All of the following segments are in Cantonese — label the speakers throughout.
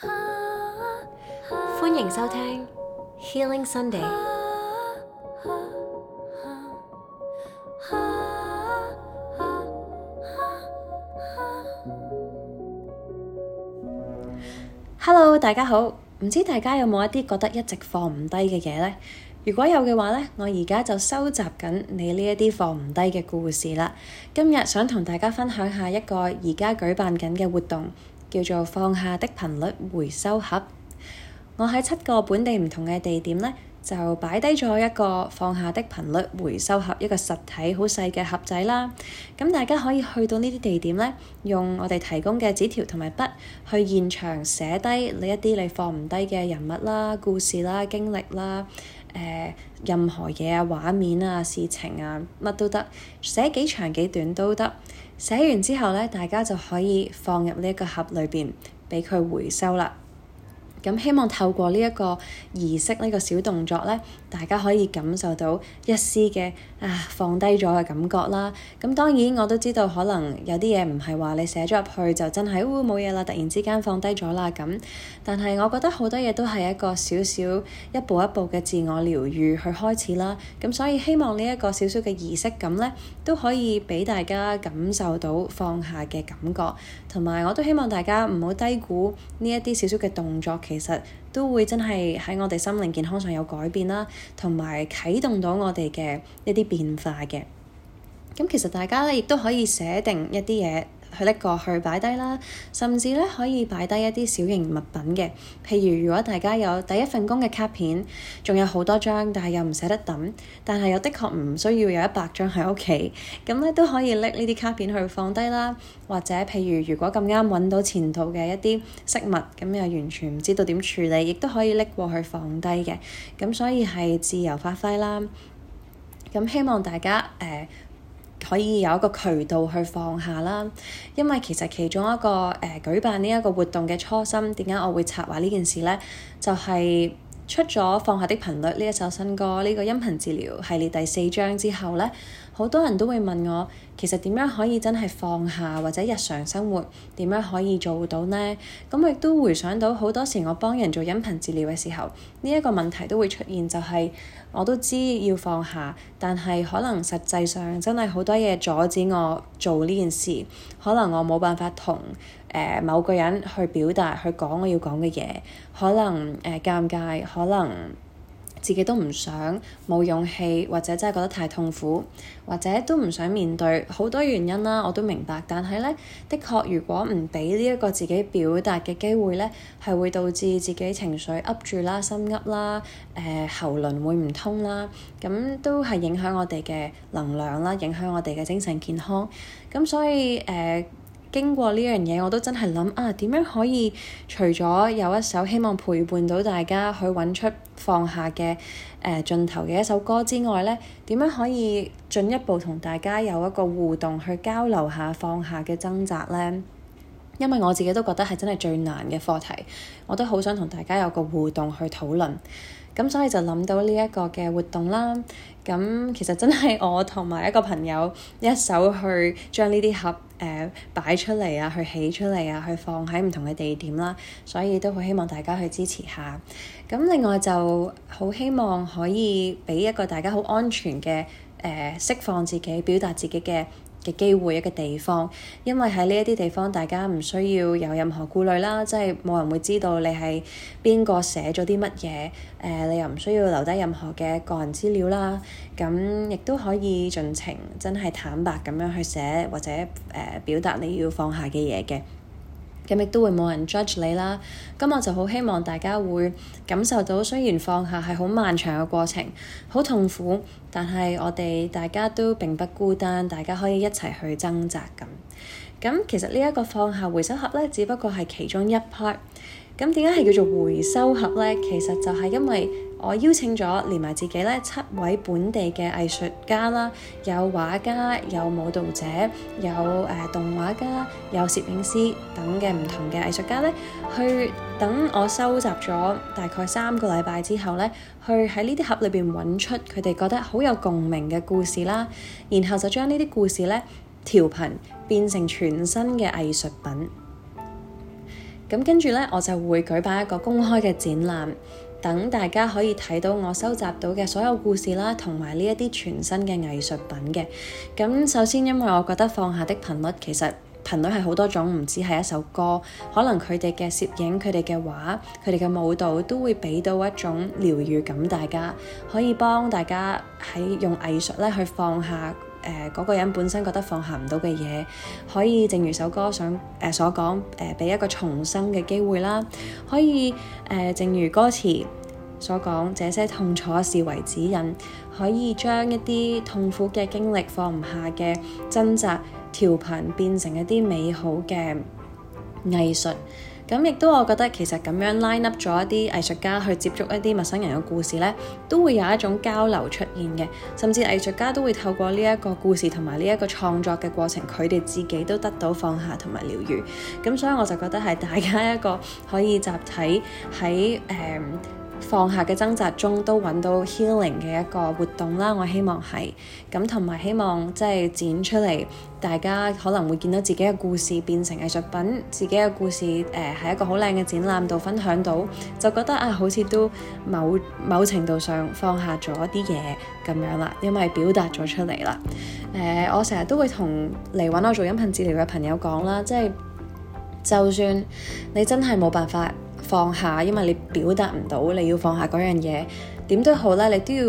Speaker 1: 歡迎收聽 Healing Sunday。Hello，大家好，唔知大家有冇一啲覺得一直放唔低嘅嘢呢？如果有嘅話呢，我而家就收集緊你呢一啲放唔低嘅故事啦。今日想同大家分享下一個而家舉辦緊嘅活動。叫做放下的頻率回收盒，我喺七個本地唔同嘅地點呢，就擺低咗一個放下的頻率回收盒，一個實體好細嘅盒仔啦。咁、嗯、大家可以去到呢啲地點呢，用我哋提供嘅紙條同埋筆，去現場寫低你一啲你放唔低嘅人物啦、故事啦、經歷啦。呃、任何嘢啊、畫面啊、事情啊，乜都得，寫幾長幾短都得。寫完之後呢，大家就可以放入呢個盒裏邊，畀佢回收啦。咁希望透過呢一個儀式呢、呢個小動作咧，大家可以感受到一絲嘅啊放低咗嘅感覺啦。咁當然我都知道可能有啲嘢唔係話你寫咗入去就真係會冇嘢啦，突然之間放低咗啦咁。但係我覺得好多嘢都係一個少少一步一步嘅自我療癒去開始啦。咁所以希望呢一個少少嘅儀式感咧，都可以俾大家感受到放下嘅感覺，同埋我都希望大家唔好低估呢一啲少少嘅動作其實都會真係喺我哋心靈健康上有改變啦，同埋啟動到我哋嘅一啲變化嘅。咁其實大家咧，亦都可以寫定一啲嘢。去拎過去擺低啦，甚至咧可以擺低一啲小型物品嘅，譬如如果大家有第一份工嘅卡片，仲有好多張，但係又唔捨得抌，但係又的確唔需要有一百張喺屋企，咁咧都可以拎呢啲卡片去放低啦。或者譬如如果咁啱揾到前度嘅一啲飾物，咁又完全唔知道點處理，亦都可以拎過去放低嘅。咁所以係自由發揮啦。咁希望大家誒，呃可以有一個渠道去放下啦，因為其實其中一個誒、呃、舉辦呢一個活動嘅初心，點解我會策劃呢件事呢？就係、是、出咗《放下的頻率》呢一首新歌，呢、這個音頻治療系列第四章之後呢，好多人都會問我，其實點樣可以真係放下，或者日常生活點樣可以做到呢？咁我亦都回想到好多時我幫人做音頻治療嘅時候，呢、這、一個問題都會出現，就係、是。我都知要放下，但係可能實際上真係好多嘢阻止我做呢件事。可能我冇辦法同誒、呃、某個人去表達，去講我要講嘅嘢。可能誒、呃、尷尬，可能。自己都唔想冇勇氣，或者真係覺得太痛苦，或者都唔想面對好多原因啦、啊，我都明白。但係咧，的確如果唔畀呢一個自己表達嘅機會咧，係會導致自己情緒噏住啦、心噏啦、誒、呃、喉嚨會唔通啦，咁、嗯、都係影響我哋嘅能量啦，影響我哋嘅精神健康。咁、嗯、所以誒。呃。經過呢樣嘢，我都真係諗啊，點樣可以除咗有一首希望陪伴到大家去揾出放下嘅誒盡頭嘅一首歌之外呢？點樣可以進一步同大家有一個互動去交流下放下嘅掙扎呢？因為我自己都覺得係真係最難嘅課題，我都好想同大家有個互動去討論。咁所以就諗到呢一個嘅活動啦。咁其實真係我同埋一個朋友一手去將呢啲盒。誒、呃、擺出嚟啊，去起出嚟啊，去放喺唔同嘅地點啦，所以都好希望大家去支持下。咁另外就好希望可以畀一個大家好安全嘅誒釋放自己、表達自己嘅嘅機會一個地方，因為喺呢一啲地方，大家唔需要有任何顧慮啦，即係冇人會知道你係邊個寫咗啲乜嘢，誒、呃，你又唔需要留低任何嘅個人資料啦，咁亦都可以盡情，真係坦白咁樣去寫，或者誒、呃，表達你要放下嘅嘢嘅。咁亦都會冇人 judge 你啦，咁我就好希望大家會感受到，雖然放下係好漫長嘅過程，好痛苦，但係我哋大家都並不孤單，大家可以一齊去掙扎咁。咁其實呢一個放下回收盒咧，只不過係其中一 part。咁點解係叫做回收盒咧？其實就係因為，我邀請咗連埋自己咧七位本地嘅藝術家啦，有畫家、有舞蹈者、有誒、呃、動畫家、有攝影師等嘅唔同嘅藝術家咧，去等我收集咗大概三個禮拜之後咧，去喺呢啲盒裏邊揾出佢哋覺得好有共鳴嘅故事啦，然後就將呢啲故事咧調頻變成全新嘅藝術品。咁跟住咧，我就會舉辦一個公開嘅展覽。等大家可以睇到我收集到嘅所有故事啦，同埋呢一啲全新嘅藝術品嘅。咁首先，因為我覺得放下的頻率其實頻率係好多種，唔止係一首歌，可能佢哋嘅攝影、佢哋嘅畫，佢哋嘅舞蹈都會俾到一種療癒感。大家可以幫大家喺用藝術咧去放下。誒嗰、呃，那個人本身覺得放下唔到嘅嘢，可以正如首歌想誒、呃、所講，誒、呃、俾一個重生嘅機會啦。可以誒、呃、正如歌詞所講，這些痛楚視為指引，可以將一啲痛苦嘅經歷放唔下嘅掙扎，調頻變成一啲美好嘅藝術。咁亦都，我覺得其實咁樣 line up 咗一啲藝術家去接觸一啲陌生人嘅故事呢，都會有一種交流出現嘅，甚至藝術家都會透過呢一個故事同埋呢一個創作嘅過程，佢哋自己都得到放下同埋療癒。咁所以我就覺得係大家一個可以集體喺誒、嗯放下嘅掙扎中都揾到 healing 嘅一個活動啦，我希望係，咁同埋希望即係展出嚟，大家可能會見到自己嘅故事變成藝術品，自己嘅故事誒係、呃、一個好靚嘅展覽度分享到，就覺得啊，好似都某某程度上放下咗啲嘢咁樣啦，因為表達咗出嚟啦。誒、呃，我成日都會同嚟揾我做音頻治療嘅朋友講啦，即係就算你真係冇辦法。放下，因為你表達唔到，你要放下嗰樣嘢，點都好咧，你都要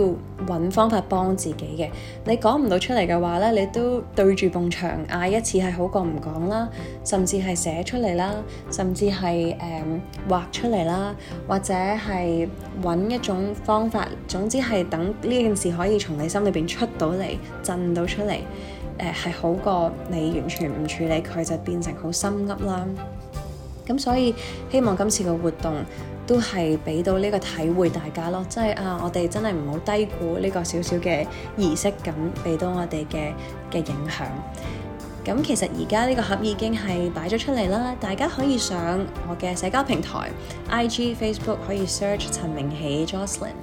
Speaker 1: 揾方法幫自己嘅。你講唔到出嚟嘅話咧，你都對住埲牆嗌一次係好過唔講啦，甚至係寫出嚟啦，甚至係誒畫出嚟啦，或者係揾一種方法，總之係等呢件事可以從你心裏邊出到嚟，震到出嚟，誒、呃、係好過你完全唔處理佢就變成好心噏啦。咁所以希望今次嘅活動都係俾到呢個體會大家咯，即係啊，我哋真係唔好低估呢個小小嘅儀式感俾到我哋嘅嘅影響。咁其實而家呢個盒已經係擺咗出嚟啦，大家可以上我嘅社交平台 I G、IG, Facebook，可以 search 陳明喜 Jocelyn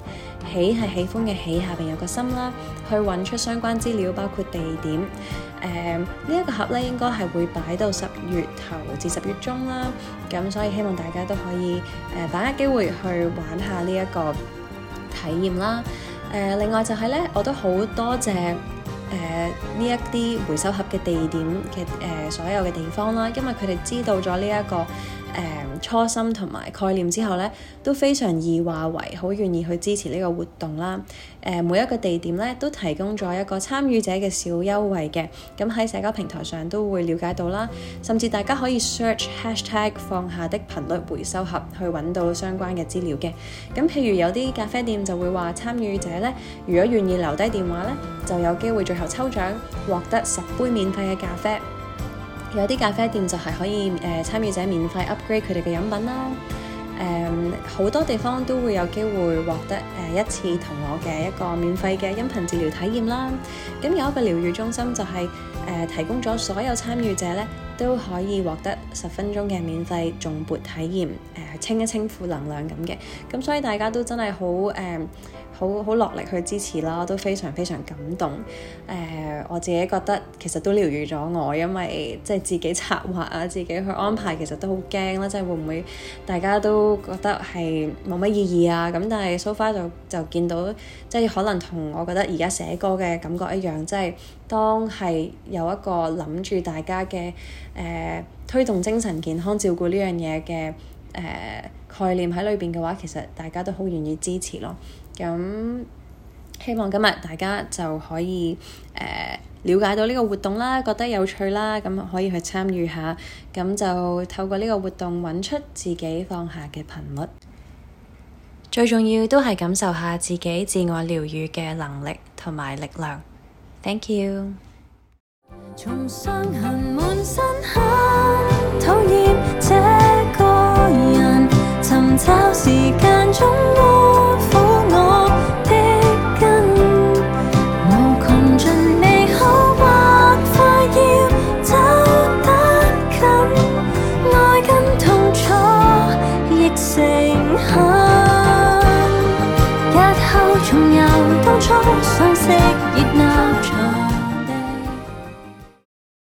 Speaker 1: 喜係喜歡嘅喜，下邊有個心啦，去揾出相關資料，包括地點。誒呢一個盒咧應該係會擺到十月頭至十月中啦，咁所以希望大家都可以誒、呃、把握機會去玩下呢一個體驗啦。誒、呃、另外就係呢，我都好多謝。誒，呢、呃、一啲回收盒嘅地點嘅，誒、呃，所有嘅地方啦，因為佢哋知道咗呢一個，Um, 初心同埋概念之後呢，都非常易話為，好願意去支持呢個活動啦。Uh, 每一個地點呢，都提供咗一個參與者嘅小優惠嘅。咁喺社交平台上都會了解到啦，甚至大家可以 search hashtag 放下的頻率回收盒去揾到相關嘅資料嘅。咁譬如有啲咖啡店就會話，參與者呢，如果願意留低電話呢，就有機會最後抽獎獲得十杯免費嘅咖啡。有啲咖啡店就係可以誒、呃、參與者免費 upgrade 佢哋嘅飲品啦，誒、嗯、好多地方都會有機會獲得誒、呃、一次同我嘅一個免費嘅音頻治療體驗啦。咁有一個療癒中心就係、是、誒、呃、提供咗所有參與者咧都可以獲得十分鐘嘅免費重撥體驗，誒、呃、清一清負能量咁嘅。咁所以大家都真係好誒、呃好好落力去支持啦，都非常非常感動。誒、uh，我自己覺得其實都療愈咗我，因為即係、就是、自己策劃啊，自己去安排，其實都好驚啦。即係會唔會大家都覺得係冇乜意義啊？咁但係 so far 就就見到，即、就、係、是、可能同我覺得而家寫歌嘅感覺一樣，即、就、係、是、當係有一個諗住大家嘅誒、uh, 推動精神健康照顧呢樣嘢嘅誒概念喺裏邊嘅話，其實大家都好願意支持咯。咁希望今日大家就可以誒瞭解到呢個活動啦，覺得有趣啦，咁可以去參與下，咁就透過呢個活動揾出自己放下嘅頻率，最重要都係感受下自己自我療愈嘅能力同埋力量。Thank you 從。從滿身討厭這個人，尋找時間中。